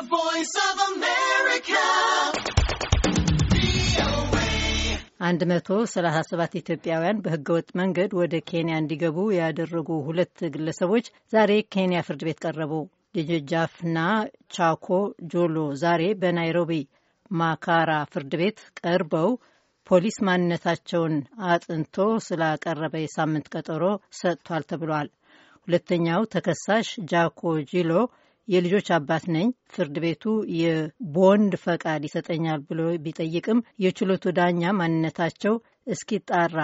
The Voice of America. አንድ መቶ ሰላሳ ሰባት ኢትዮጵያውያን በህገወጥ መንገድ ወደ ኬንያ እንዲገቡ ያደረጉ ሁለት ግለሰቦች ዛሬ ኬንያ ፍርድ ቤት ቀረቡ። ጅጃፍና ቻኮ ጆሎ ዛሬ በናይሮቢ ማካራ ፍርድ ቤት ቀርበው ፖሊስ ማንነታቸውን አጥንቶ ስላቀረበ የሳምንት ቀጠሮ ሰጥቷል ተብሏል። ሁለተኛው ተከሳሽ ጃኮ ጂሎ የልጆች አባት ነኝ፣ ፍርድ ቤቱ የቦንድ ፈቃድ ይሰጠኛል ብሎ ቢጠይቅም የችሎቱ ዳኛ ማንነታቸው እስኪጣራ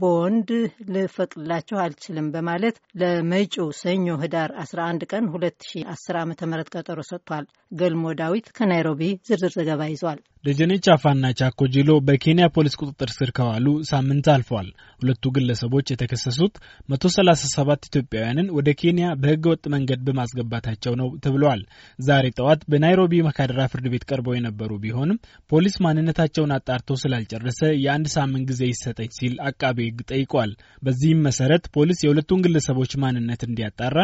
ቦንድ ልፈቅድላቸው አልችልም በማለት ለመጪው ሰኞ ህዳር 11 ቀን 2010 ዓ.ም ቀጠሮ ሰጥቷል። ገልሞ ዳዊት ከናይሮቢ ዝርዝር ዘገባ ይዟል። ደጀኔ ጫፋና ቻኮ ጂሎ በኬንያ ፖሊስ ቁጥጥር ስር ከዋሉ ሳምንት አልፈዋል። ሁለቱ ግለሰቦች የተከሰሱት 137 ኢትዮጵያውያንን ወደ ኬንያ በህገ ወጥ መንገድ በማስገባታቸው ነው ተብለዋል። ዛሬ ጠዋት በናይሮቢ መካደራ ፍርድ ቤት ቀርበው የነበሩ ቢሆንም ፖሊስ ማንነታቸውን አጣርቶ ስላልጨረሰ የአንድ ሳምንት ጊዜ ይሰጠኝ ሲል አቃቤ ህግ ጠይቋል። በዚህም መሰረት ፖሊስ የሁለቱን ግለሰቦች ማንነት እንዲያጣራ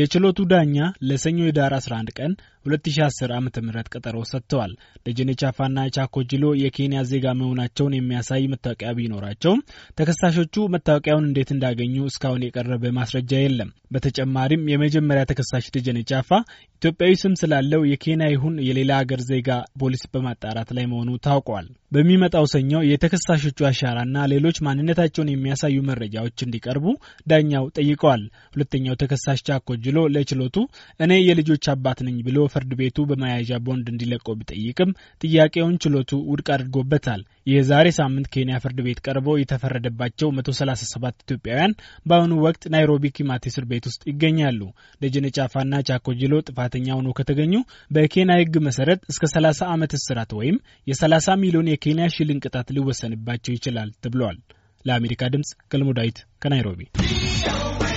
የችሎቱ ዳኛ ለሰኞ የዳር 11 ቀን 2010 ዓ ም ቀጠሮ ሰጥተዋል። ደጀኔ ጫፋና ቻኮጅሎ የኬንያ ዜጋ መሆናቸውን የሚያሳይ መታወቂያ ቢኖራቸውም ተከሳሾቹ መታወቂያውን እንዴት እንዳገኙ እስካሁን የቀረበ ማስረጃ የለም። በተጨማሪም የመጀመሪያ ተከሳሽ ደጀኔ ጫፋ ኢትዮጵያዊ ስም ስላለው የኬንያ ይሁን የሌላ ሀገር ዜጋ ፖሊስ በማጣራት ላይ መሆኑ ታውቋል። በሚመጣው ሰኞ የተከሳሾቹ አሻራና ሌሎች ማንነታቸውን የሚያሳዩ መረጃዎች እንዲቀርቡ ዳኛው ጠይቀዋል። ሁለተኛው ተከሳሽ ጅሎ ለችሎቱ እኔ የልጆች አባት ነኝ ብሎ ፍርድ ቤቱ በመያዣ ቦንድ እንዲለቀው ቢጠይቅም ጥያቄውን ውሳኔውን ችሎቱ ውድቅ አድርጎበታል። የዛሬ ሳምንት ኬንያ ፍርድ ቤት ቀርቦ የተፈረደባቸው 137 ኢትዮጵያውያን በአሁኑ ወቅት ናይሮቢ ኪማት እስር ቤት ውስጥ ይገኛሉ። ደጀኔ ጫፋና ቻኮ ጅሎ ጥፋተኛ ሆነው ከተገኙ በኬንያ ሕግ መሰረት እስከ 30 ዓመት እስራት ወይም የ30 ሚሊዮን የኬንያ ሽልን ቅጣት ሊወሰንባቸው ይችላል ተብሏል። ለአሜሪካ ድምጽ ገልሞ ዳዊት ከናይሮቢ